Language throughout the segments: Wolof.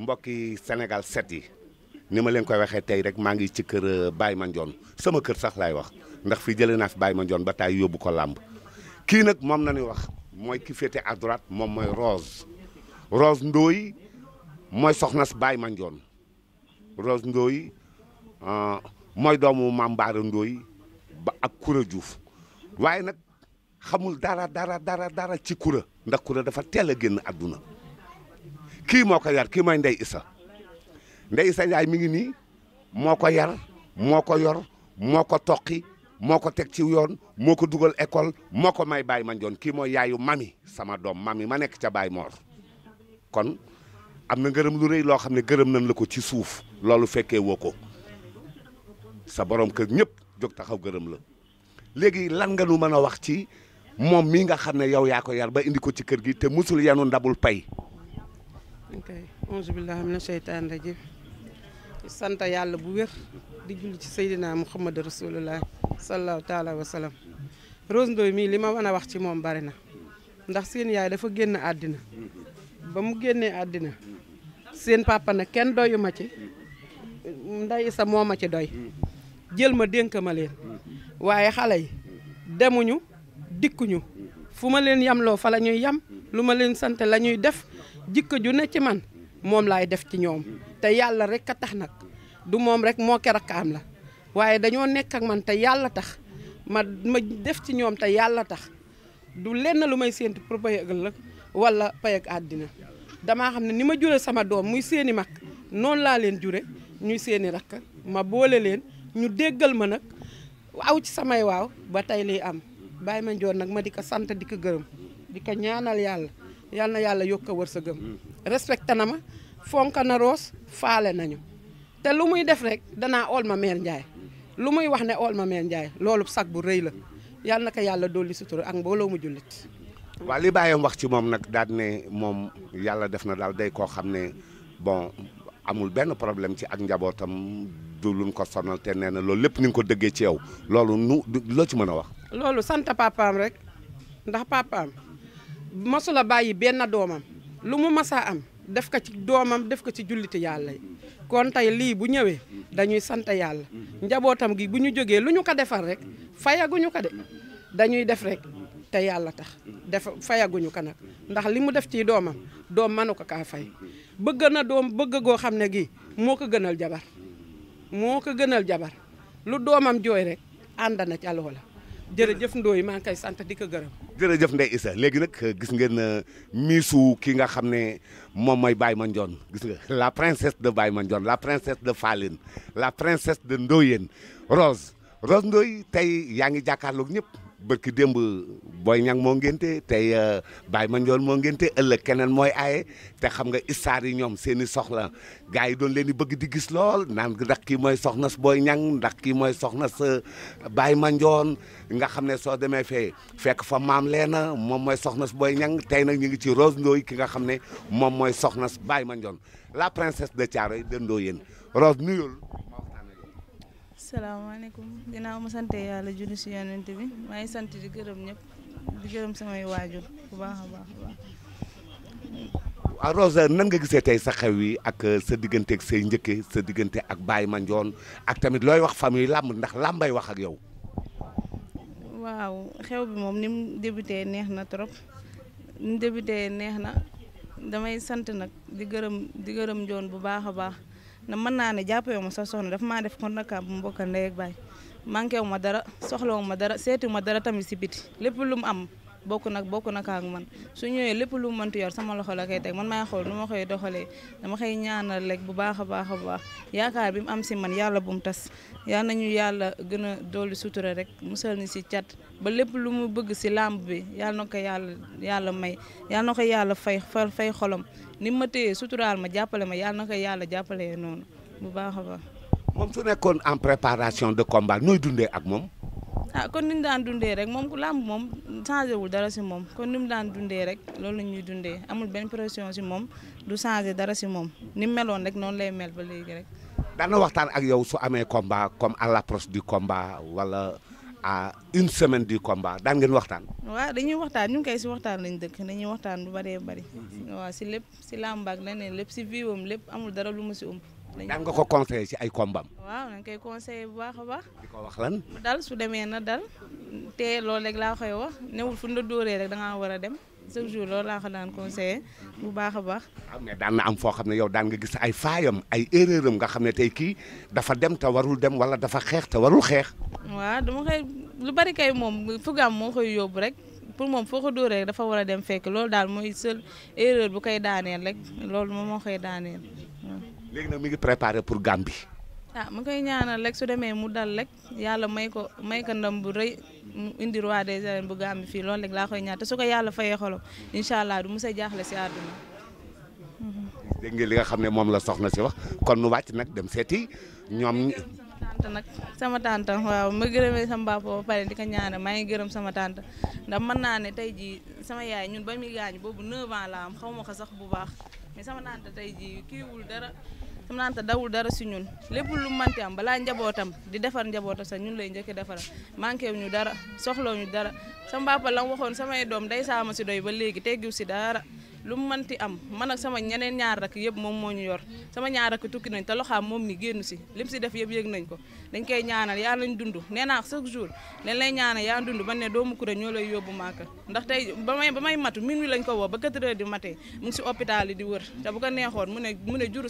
mbokki Sénégal set yi ni ma leen koy waxee tey rek maa ngi ci kër euh, Baye Mandione sama kër sax laay wax ndax fii jëlee naa fi Baye Mandione ba taay yóbbu ko làmb kii nag moom na ñuy wax mooy ki féete à droite moom mooy Rose Rose Ndoye mooy soxnas Baye Mandione Rose Ndoye euh, mooy doomu Mame Bara Ndoye ba ak Koura Diouf waaye nag xamul dara dara dara dara ci Koura ndax Koura dafa teel a génn àdduna kii moo ko yar kii mooy Ndey Isa Ndey Isa Njaay mi ngi nii moo ko yar moo ko yor moo ko toqi moo ko teg ci yoon moo ko dugal école moo ko may Baye Mandione kii mooy yaayu mami sama doom mami ma nekk ca Baye Mor kon am na ngërëm lu rëy loo xam ne gërëm nañ la ko ci suuf loolu fekkee woo ko sa borom kër ñëpp jóg taxaw gërëm la léegi lan nga nu mën a wax ci moom mii nga xam ne yow yaa ko yar ba indi ko ci kër gi te musul yanu ndabul pay kay onze billahi mina sheytaan rajim sant yàlla bu wér di julli ci Seydina Muhammad rasulullah sallallahu taala wa salaam Rose Ndoye mii li ma mën a wax ci moom bari na ndax seen yaay dafa génn àddina ba mu génnee àddina seen papa kenn doyu ma ci nday sa moo ma ci doy jël ma dénk ma leen waaye xale yi demuñu dikkuñu fu ma leen yamloo fa la yam lu ma leen sant la ñuy def jikko ju ne ci man moom laay def ci ñoom te yàlla rek a tax nag du moom rek moo ke am la waaye dañoo nekk ak man te yàlla tax ma ma def ci ñoom te yàlla tax du lenn lu may séentu pour pay ak ëllëg wala pay àddina dama xam ne ni ma jure sama doom muy séeni mag noonu laa leen jure ñuy séeni rakk ma boole leen ñu déggal ma nag aw ci samay waaw ba tey lii am bàyyi ma njoon nag ma di ko sant di ko gërëm di ko ñaanal yàlla yal na yàlla yokk a wërsëgam mm-hmm. respecté na ma fonk na Rose faale nañu te lu muy def rek danaa ool ma mère Ndiaye lu muy wax ne ool ma mère Ndiaye loolu sag bu rëy la yal na ko yàlla dolli sutura ak mbooloo mu jullit waaw li wax ci moom nag daal ne moom yàlla def na daal dey koo xam ne bon amul benn problème ci ak njabootam du luñ ko sonal te nee na loolu lépp ni ko dëggee ci yow loolu loo ci mën a wax loolu sant papaam rek ndax papaam masula bàyyi benn doomam lu mu masaa am def ko ci doomam def ko ci julliti yàlla yi kon tey lii bu ñëwee dañuy sant yàlla njabootam gi bu ñu jógee lu ñu ko defar rek fayaguñu ko de dañuy def rek te yàlla tax def fayaguñu ko nag ndax li mu def ci doomam doom mënu ko kaa fay bëgg na doom bëgg goo xam ne gi moo ko gënal jabar moo ko gënal jabar lu doomam jooy rek ànd na ca loola jërëjëf Ndoye maa ngi koy sant di ko gërëm. jërëjëf Ndeye Issa léegi nag gis ngeen euh, miisu ki nga xam ne moom mooy Baye Mandione gis nga la princesse de Baye Mandione la princesse de Falline la princesse de Ndoyeen Rose Rose Ndoye tey yaa ngi jàkkaarloog ñëpp. bërki démb booy ñang moo ngénte tey euh, Baye Mandione moo ngénte ëllëg keneen mooy aaye te xam nga istaar yi ñoom seeni soxla gars yi doon leen di bëgg di gis lool naan ndax kii mooy soxnas booy ñang ndax kii mooy soxnas euh, Baye Mandione nga xam ne soo demee fee fekk fa maam leena moom mooy soxnas booy ñang tey nag ñu ngi ci Rose Ndoye ki nga xam ne moom mooy soxnas Baye Mandione la princesse de Thiaroye de Ndoyène Rose nuyul salaamaaleykum ginnaaw ma sante yàlla julli si yonent bi maa ngi sant di gërëm ñëpp di gërëm samay waajur bu baax a baax a baax. waaw ah, Roza nan nga gisee tey sa xew yi ak uh, sa diggante ak say njëkke sa diggante ak baay ma Mandione ak tamit looy wax famille làmb ndax làmbay wax ak yow. waaw xew bi moom ni mu neex na trop ni mu neex na damay sant nag di gërëm di gërëm Njoon bu baax a baax. na mën naa ne jàppewu ma sa soxna dafa maa def kon nag bu mu bokkal ndey ak baay manqué wu ma dara soxla wu ma dara seetu ma dara tamit si biti lépp lu mu am bokk nag bokk na ak man su ñëwee lépp lu mu mënti yor sama loxo la koy teg man maay xool nu ma koy doxalee dama koy ñaanal rek bu baax a baax a baax yaakaar bi mu am si man yàlla bu mu tas na nañu yàlla gën a dolli sutura rek musal ni si cat ba lépp lu mu bëgg si làmb bi yàlla na ko yàlla yàlla may yàlla yàlla fay fay xolom ni ma téyee suturaal ma jàppale ma yàlla na ko yàlla jàppalee noonu bu baax a baax. moom su nekkoon en préparation de combat nuy dundee ak moom. ah kon ni daan dundee rek moom ku làmb moom changé wul dara si moom kon ni mu daan dundee rek loolu la ñuy dundee amul benn pression si moom du changé dara si moom ni mu meloon rek noonu lay mel ba léegi rek. daan waxtaan ak yow su amee combat comme à l'approche du combat wala. à une semaine du combat daan ngeen waxtaan. waaw dañuy waxtaan ñu ngi koy si waxtaan lañ dëkk dañuy waxtaan bu bëree bëri. Mhm. waaw si lépp si làmbaag leneen lépp si viwam lépp amul dara lu ma si ëmb. daan nga ko conseillé si ay combat am. waaw dañ koy conseillé bu baax a baax. di ko wax lan. dal su demee na dal te loolu rek laa koy wax newul fu ñu la dóoree rek da war a dem. chaque jour loolu laa ko daan conseillé bu baax a baax. am mais daan na am foo xam ne yow daan nga gis ay faayam ay erreuram nga xam ne tey kii dafa dem te warul dem wala dafa xeex te warul xeex. waaw dama koy lu bari kay moom fugaam moo koy yóbbu rek pour moom foo ko dóoree rek dafa war a dem fekk loolu daal mooy seul erreur bu koy daaneel rek loolu moom moo koy daaneel. léegi nag mi ngi préparé pour Gambie. ah mu koy ñaanal rek su demee mu dal rek yàlla may ko may ko ndam bu rëy mu indi roi des arènes bu Gàmbi fii loolu rek laa koy ñaan te su ko yàlla fayee xolam incha allah du mos a jaaxle si àdduna. li nga xam ne moom la soxna si wax kon nu wàcc nag dem seeti ñoom. tante nag sama tante waaw ma gërëmee sama bàppa ba pare di ko ñaanal maa ngi gërëm sama tante ndax mën naa ne tey ji sama yaay ñun ba muy gaañ boobu 9 ans la am xaw ma ko sax bu baax mais sama tante tey jii kiiwul dara. sama naan dawul dara si ñun lépp lu manti am balaa njabootam di defar njabootam sax ñun lay njëkk defara manqué wu ñu dara soxlawu ñu dara sama papa la waxoon samay doom day saama si doy ba léegi teggiw si dara lu mu mënti am man ak sama ñeneen ñaar rakk yëpp moom moo ñu yor sama ñaar rakk tukki nañ te loxaam moom mi génn si lim si def yëpp yëg nañ ko dañ koy ñaanal yaa lañ dund nee naa chaque jour dañ lay ñaanal yaa dund ba ne doomu Coura ñoo lay yóbbu Màkka ndax tey ba may ba may matu min wi lañ ko woo ba 4 heures du matin mu ngi si hôpital yi di wër te bu ko neexoon mu ne mu ne jur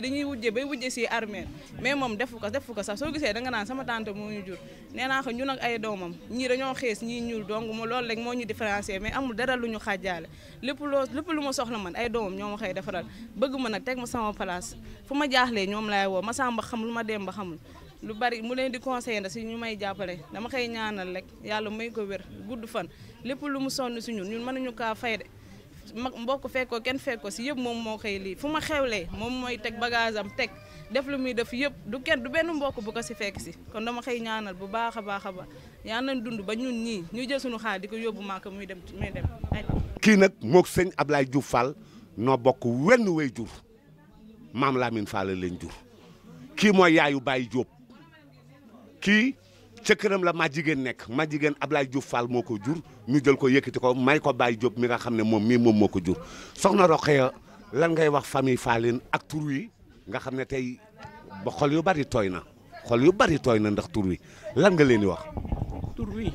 dañuy wujje bay wujje si armée mais moom defu ko defu ko sax soo gisee da naan sama tante moo ñu jur nee naa ko ay doomam ñii dañoo xees ñii ñuul donc mo loolu rek moo ñu différencier mais amul dara lu ñu xaaj jaale lépp loo lépp lu ma soxla man ay doomam ñoo ma koy defaral bëgg ma nag teg ma sama place fu ma jaaxlee ñoom laay woo ma sàmba xam ma dem ba xamul lu bari mu leen di conseillé na si ñu may jàppale dama koy ñaanal rek yàlla may ko wér gudd fan lépp lu mu sonn su ñun ñun mënuñu kaa fay de mag mbokk fekkoo kenn fekkoo si yëpp moom moo koy lii fu ma xewlee moom mooy teg bagage am teg def lu muy def yëpp du kenn du benn mbokk bu ko si fekk si kon dama koy ñaanal bu baax a baax a baax yaa nañ dund ba ñun ñii ñu jël suñu xaar di ko yóbbu maaka muy dem muy dem kii nag moog sëñ Ablaye Diouf Fall noo bokk wenn way jur maam Lamine Fall leen jur kii mooy yaayu Baye jóob kii ca këram la maa jigéen nekk ma jigéen Ablaye Diouf Fall moo ko jur ñu jël ko yëkkati ko may ko Baye jóob mi nga xam ne moom mii moom moo ko jur soxna Roqeya lan ngay wax famille Falline ak tur wi nga xam ne tey ba xol yu bari tooy na xol yu bari tooy na ndax tur wi lan nga leen di wax. tur wi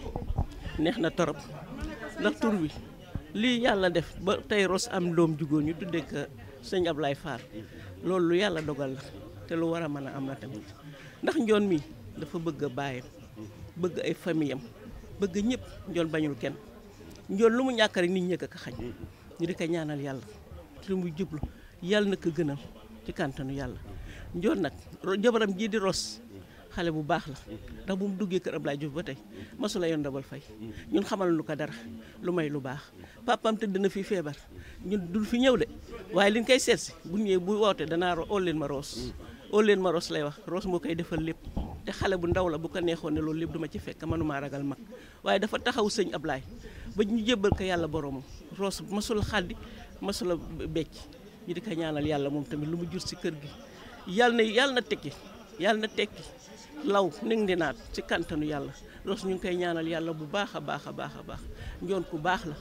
neex na torop ndax tur wi. lii yàlla def ba tey Ross am doom jugóor ñu tuddee ko sëñ Ablaye Fall loolu lu yàlla dogal la te lu war a mën a am la tamit ndax njoon mi dafa bëgg a baayam bëgg ay famille bëgg ñëpp njoon bañul kenn njoon lu mu ñàkk rek nit ñëkk ak xañ ñu di ko ñaanal yàlla lu mu jublu yàlla na ko gënal ci kàntanu yàlla njoon nag jabaram jii di Ross xale bu baax la ndax bu mu duggee kër Ablaye Diouf ba tey masula yoon dabal fay ñun xamal lu ko dara lu may lu baax papam tëdd na fi feebar ñun du fi ñëw de waaye liñ koy seet si bu ñëwee bu wootee danaa ol leen ma roos ol leen ma roos lay wax roos moo koy defal lépp te xale bu ndaw la bu ko neexoon ne loolu lépp duma ci fekk manumaa ragal mag waaye dafa taxaw sëñ Ablaye ba ñu jébbal ko yàlla boromam roos masula xaddi masula becc ñu di ko ñaanal yàlla moom tamit lu mu jur si kër gi yàlla na yàlla na yàlla na tekki law ning di naat ci kantanu yàlla Ross ñu ngi koy ñaanal yàlla bu baax a baax a baax a baax njoon ku baax la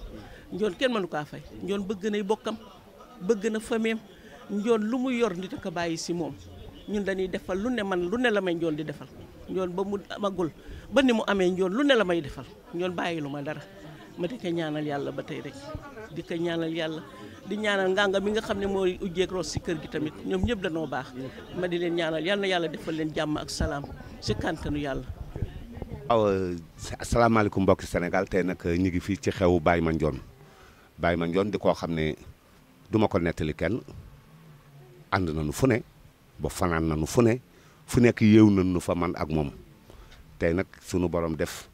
njoon kenn mënu kaa fay njoon bëgg nay bokkam bëgg na fameem njoon lu mu yor nit a bàyyi si moom ñun dañuy defal lu ne man lu ne la may njoon di defal njoon ba mu amagul ba ni mu amee njoon lu ne la may defal njoon bàyyi lu ma dara ma di ko ñaanal yàlla ba tey rek di ko ñaanal yàlla di ñaanal nganga mi nga xam ne mooy ujjeeg Ross si kër gi tamit ñoom ñëpp danoo baax ma di leen ñaanal yal yàlla defal leen jàmm ak salaam si kàntanu yàlla. waaw asalaamaaleykum mbokki Sénégal tey nag ñu ngi fii ci xewu Baye baay Baye Mandione di koo xam ne duma ko nettali kenn ànd nañu fu ne ba fanaan nañu fu ne fu nekk yéew nañu fa man ak moom tey nag sunu borom def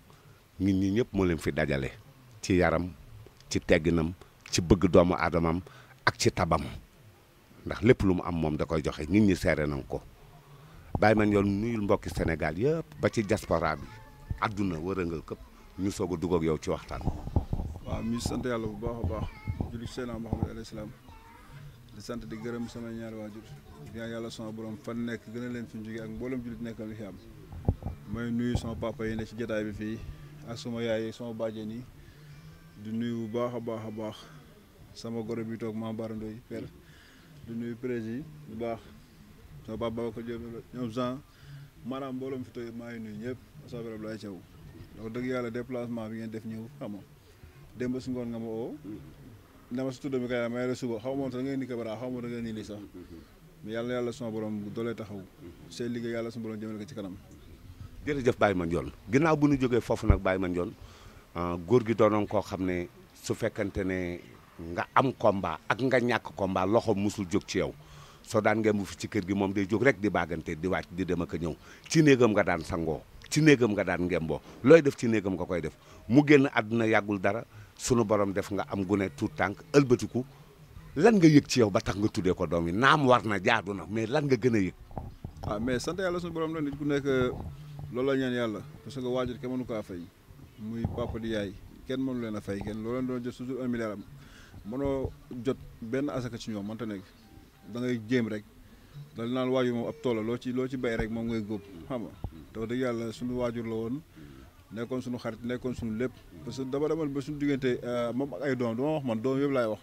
nit ñi ñëpp moo leen fi dajale ci yaram ci tegginam ci bëgg doomu aadamam ak ci tabam ndax lépp lu mu am moom da koy joxe nit ñi seere nañ ko. bàyyi man yoon nuyul mbokki Sénégal yëpp ba ci diaspora bi àdduna wërëngal këpp ñu soog a dugg ak yow ci waxtaan waaw mi sant yàlla bu baax a baax julli Seydina Muhammad alayhi salaam di sant di gërëm sama ñaari waajur ñaan yàlla sama borom fan nekk gën leen fi jóge ak mboolem jullit nekkal li fi am may nuyu sama papa yi ne ci jotaay bi fii ak sama yaay yi sama bàjjen yi di nuyu bu baax a baax a baax sama goro bi toog maa barandoo per di nuyu prési bu baax sama papa Babacar Diop ñoom Jean maanaam mbooloo mi fi tey maa ngi nuyu ñëpp asalaamaaleykum Abdoulaye Thiaw wax dëgg yàlla déplacement bi ngeen def ñëw xam dem ba si ngoon nga ma woo dama si tudd mi kay may la suba xaw ma woon sax da ngeen di kabara xaw ma da ngeen nii li sax mais yàlla yàlla suma borom doole taxaw seen liggéey yàlla suma borom jëmale ko ci kanam jërëjëf ma Mandione ginnaaw bu nu jógee foofu nag Baye Mandione ah, góor gi doonoon koo xam ne su fekkante ne nga am combat ak nga ñàkk combat loxo musul jóg ci yow soo daan ngemb fi ci kër gi moom day jóg rek di bàggante di wàcc di dem ak ñëw ci néegam nga daan sangoo ci néegam nga daan ngemboo looy def ci néegam nga koy def mu génn àdduna yàggul dara sunu borom def nga am gune tuut tànk ëlbatiku lan nga yëg ci yow ba tax nga tuddee ko doom yi naam war na jaadu na mais lan nga gën a yëg. waaw ah, mais sant yàlla sunu borom la nit ku nekk loolu la yàlla parce que waajur kenn mënu kaa fay muy papa di yaay kenn mënu leen a fay kenn loolu doon jot toujours un milliard am mënoo jot benn asaka ci ñoom mënta nekk. da ngay jéem rek da naan waajur moom ab toola loo ci loo ci bay rek moom ngay góob xam nga dëgg yàlla suñu waajur la woon nekkoon sunu xarit nekkoon suñu lépp parce que dama demal ba suñu diggante euh, moom ak ay doom dama wax man doom yëpp laay wax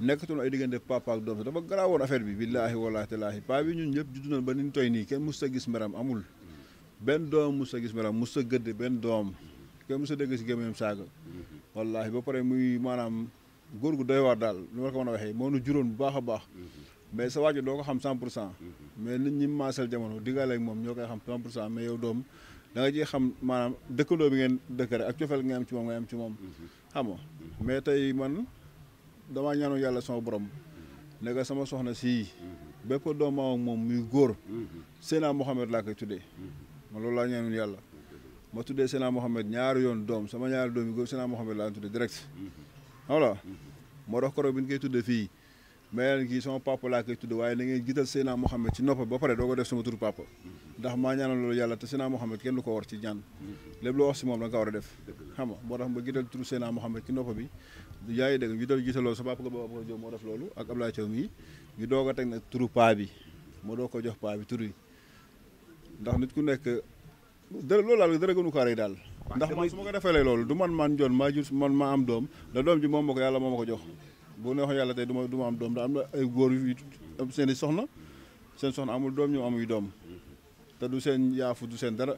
nekkatoon ay diggante papa ak doom sax dafa garaawoon affaire bi billaahi wallaahi tallaahi paa bi ñun ñëpp juddu nañ ba ni ñu toy nii kenn mus sa gis meram amul benn doom mus sa gis meram mus sa gëdd benn doom kenn mus sa dégg si gémmiñam saaga wallaahi ba pare muy maanaam góor gu doy waar daal lu ma waxee moo nu juróon bu baax a baax mais sa waajur doo ko xam 100 pour cent mhm. mais nit ñi maasal jamono diggaale moom ñoo koy xam 100 pour cent mais yow doom da nga xam maanaam dëkkandoo bi ngeen dëkk ak cofeel nga am ci moom nga am ci moom mhm. xam nga mhm. mais tey man damaa ñaanu yàlla sama borom ne ko sama soxna sii bépp doomam ak moom muy góor Seydina Mohamed laa koy tudde ma loolu laa ñaanul yàlla ma tuddee Seydina Mohamed ñaari yoon doom sama ñaari doom yi góor Seydina Mohamed laa tuddee direct xam nga moo tax koro tuddee fii mais kii sama papa laa koy tudd waaye na ngeen jiital Seydina Mohamed ci nopp ba pare doo ko def sama turu papa ndax maa ñaanal loolu yàlla te Seydina Mohamed kenn du ko war ci ñaan lépp loo wax si moom da nga a def xam nga moo tax ma jiital turu ngi dégg ko baba Diop moo def loolu ak teg nag turu paa bi moo doo ko jox paa bi turu yi ndax nit ku nekk dara loolu daal dara gënu ko daal ndax man su ma ko defee loolu du man man joon maa jur man maa am doom da doom ji moom ma ko yàlla moo ma ko jox bu neexoon yàlla tey du ma du am doom da am na ay góor yu seen i soxna seen soxna amul doom ñoom amuy doom te du seen yaa fu du seen dara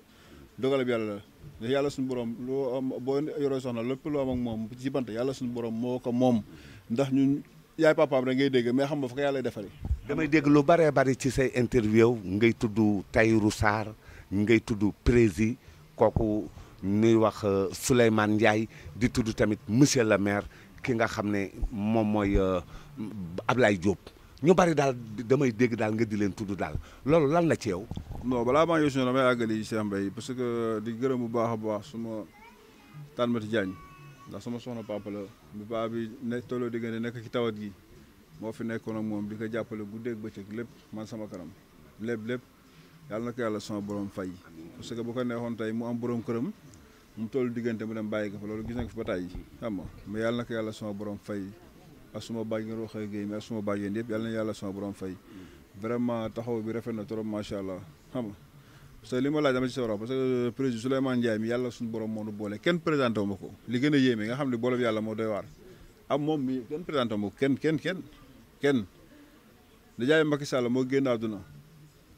dogalab yàlla la yàlla suñu borom loo am boo yoree soxna lépp loo am ak moom ci yàlla suñu borom moo ko moom ndax ñun yaay papaam rek ngay dégg mais xam nga fa ko yàlla defaree damay dégg lu bëree ci say interview ngay tudd Tahirou Sarr ngay tudd Prési kooku ñuy wax euh, Souleymane Ndiaye di tudd tamit monsieur le maire kii nga xam ne moom mooy euh, Ablaye Diop ñu bari daal damay dégg daal nga di leen tudd daal loolu lan la ci yow. non balaa maa yoosu damay àggali Cheikh Mbaye parce que di gërëm bu baax a baax suma Tanmati Diagne ndax suma soxna papa bu baax bi ne tolloo diggante nekk ci tawat gi moo fi nekkoon ak moom di ko jàppale guddeeg bëccëg lépp man sama kanam lépp lépp yàlla na ko yàlla sama borom fay parce que bu ko neexoon tey mu am borom këram. mu toll diggante mu dem bàyyi ko fa loolu gis nañ ko fi ba tàyyi xam nga yàlla na ko yàlla sama borom fay ak suma bàyyi ngeen waxee géey mais ak suma bàyyi na yàlla sama borom fay vraiment taxaw bi rafet na trop macha allah xam nga parce que li ma laaj dama ci sa que euh, président Souleymane Ndiaye mi yàlla suñu borom moo nu boole kenn présenté wu ma ko li gën a nga xam ne boole bi yàlla moo doy waar am moom mi kenn présenté wu ma ko kenn kenn kenn kenn dajaay Macky Sall moo génn àdduna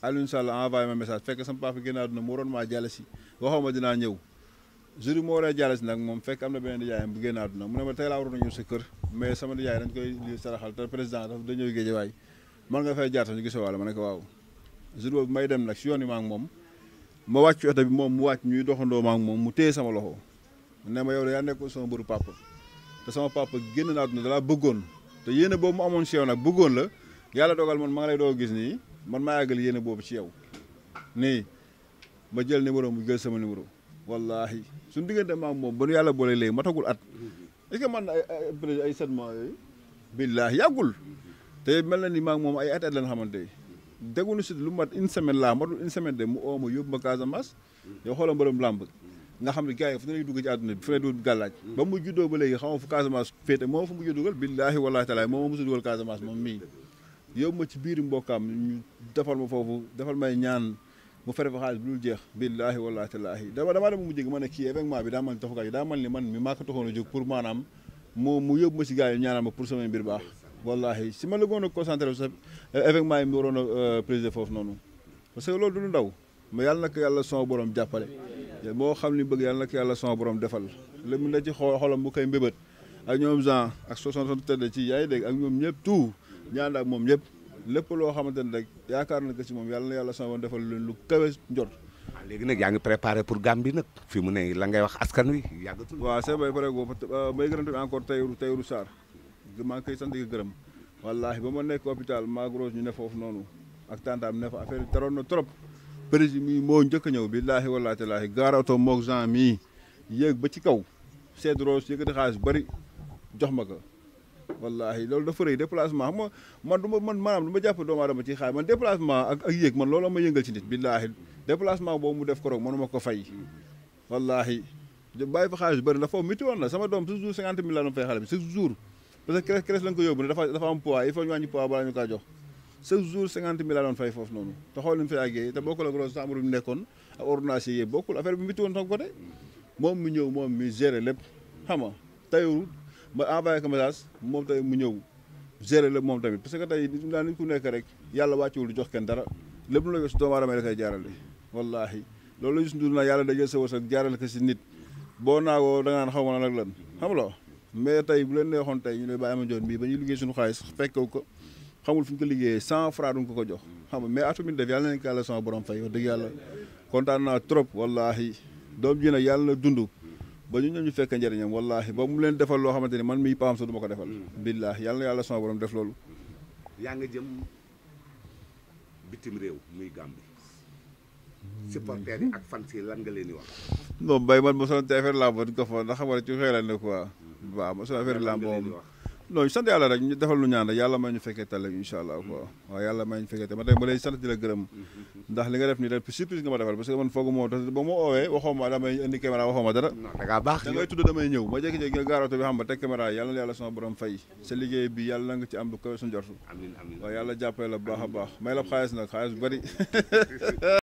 Alioune Sall envoyé ma message fekk sama papa génn àdduna moo doon maa jàll si waxoo ma dinaa ñëw jour moo war a jaale si nag moom fekk am na beneen nijaayam bu génn àdduna mu ne ma tey laa waroon a ñëw sa kër mais sama nijaay dañ koy lii saraxal te président dañoo géej waay man nga fay jaar sax ñu gisoo wàll ma ne waaw jour boobu may dem nag si yoon yi maak moom ma wàcc oto bi moom mu wàcc ñuy doxandoo maa ngi moom mu téye sama loxo ne ma yow de yaa nekkoon sama mbëru papa te sama papa génn na àdduna dalaa bëggoon te yéene boobu mu amoon si yow nag bëggoon la yàlla dogal man ma lay doo gis nii man maa yàggal yéene boobu ci yow nii ma jël numéro mu jël sama numéro wallaahi suñu diggante ma ak moom ba nu yàlla boole léegi matagul at est-ce que man ay ay ay sept mois yooyu billaahi yàggul te mel na ni ma moom ay at at lañ xamante dégguñu si lu mat une semaine laa matul une semaine de mu oo ma yóbbu ma Casamance yow xoolal mbërëm làmb nga xam ne gars yi fu ne lay dugg ci àdduna bi fu ne dugg gàllaaj ba mu juddoo ba léegi xam nga fu Casamance féete moo fu mujjee dugal billaahi wallaahi taala moo ma mosu dugal Casamance moom mii yóbbu ma ci biir mbokkaam ñu defal ma foofu defal may ñaan mu fere fa xaalis bi dul jeex billaahi wallaahi tallaahi dama damaa dem mu jéggi ma ne kii événement bi daa mel ni taxu gaa daa mel ni man mi maa ko taxoon a jóg pour maanaam mu yóbbu ma si gars yi ñaanal ma pour samay mbir baax wallaahi si ma la goon a concentré sa euh, événement yi mu a euh, présider foofu noonu parce que loolu du ndaw mais yàlla na ko yàlla son borom jàppale moo xam ni bëgg yàlla na yàlla son boroom defal la mu ne ci xolam bu koy mbébét ak ñoom Jean ak soixante tëdd ci yaay dégg ak ñoom ñëpp tout ñaan ak moom ñëpp lépp loo xamante ne rek yaakaar na ko ci moom yàlla na yàlla sama defal leen lu kawe njort ah, léegi nag yaa ngi préparé pour Gambie nag fi mu ne la ngay wax askan wi yàggatul waaw c'est vrai pare euh, may gërëm tamit encore Tayru Tayru Sarr maa ngi koy sant di gërëm wallaahi ba ma nekk hôpital Magrose ñu ne foofu noonu ak tantaam ne fa affaire yi na trop président mi moo njëkk a ñëw billaahi wallaahi tallaahi gaarato moog gen mii yéeg ba ci kaw seed rose yëkkati xaalis bari jox ma ko wallahi loolu dafa rëy déplacement xam nga man du ma man maanaam du ma jàpp doomu aadama ci xaay man déplacement ak yéeg man loolu ma yëngal ci nit billaahi déplacement boobu mu def ko roog mënuma ko fay wallahi bàyyi fa xaalis bëri dafa métti woon na sama doom chaque jour cinquante mille laa fay xale bi chaque jour parce que crèche fay foofu noonu te xool ni mu fi àggee te bokkul ak loolu chambre bi nekkoon ak ordonnance yi bokkul affaire bi métti woon sama côté mi ñëw moom mi géré lépp xam nga ma envoyé ko message moom tamit mu ñëw gérer la moom tamit parce que tey daa nit ku nekk rek yàlla wàccewul jox kenn dara lépp lu la jox si a aadama da koy jaarale wallaahi loolu la ñu na yàlla da jël sa wërsëg jaarale ko si nit boo naagoo da nga naan xaw ma nag lan xam loo mais tey bu leen neexoon tey ñu lay bàyyi ma joon bii ba ñuy liggéey suñu xaalis fekkew ko xamul fu ñu ko liggéeyee cent franc duñ ko ko jox xam nga mais atumit def yàlla nañ ko yàlla sama borom fay wax dëgg yàlla kontaan naa trop wallaahi doom ji nag yàlla dund ba ñu ñëw ñu fekk njariñam wallaahi ba mu leen defal loo xamante ni man mii paam sax du ko defal mm. billaahi yàlla na yàlla sama borom def loolu yaa nga jëm bitim réew muy Gàmbi mm. supporters yi ak fan yi lan nga leen di wax non bay man mo sonante affaire làmb duñ ko fa ndax xam nga ci xeelal ne quoi mm. waaw mo sonante affaire làmb moom loolu sant yàlla rek ñu defal lu ñaan rek yàlla may ñu fekkee tale incha allah quoi waaw yàlla may ñu fekkee tale ma tey ma lay sant di la gërëm ndax li nga def nii rek surprise nga ma defal parce que man foogu moo ba ma oowee waxoo damay indi caméra waxoo dara da tudd damay ñëw ma jékki-jékki nga bi xam ba teg caméra yàlla na yàlla sama borom fay sa liggéey bi yàlla na ci am lu kawe suñu jortu waaw yàlla jàppale la baax a baax may la xaalis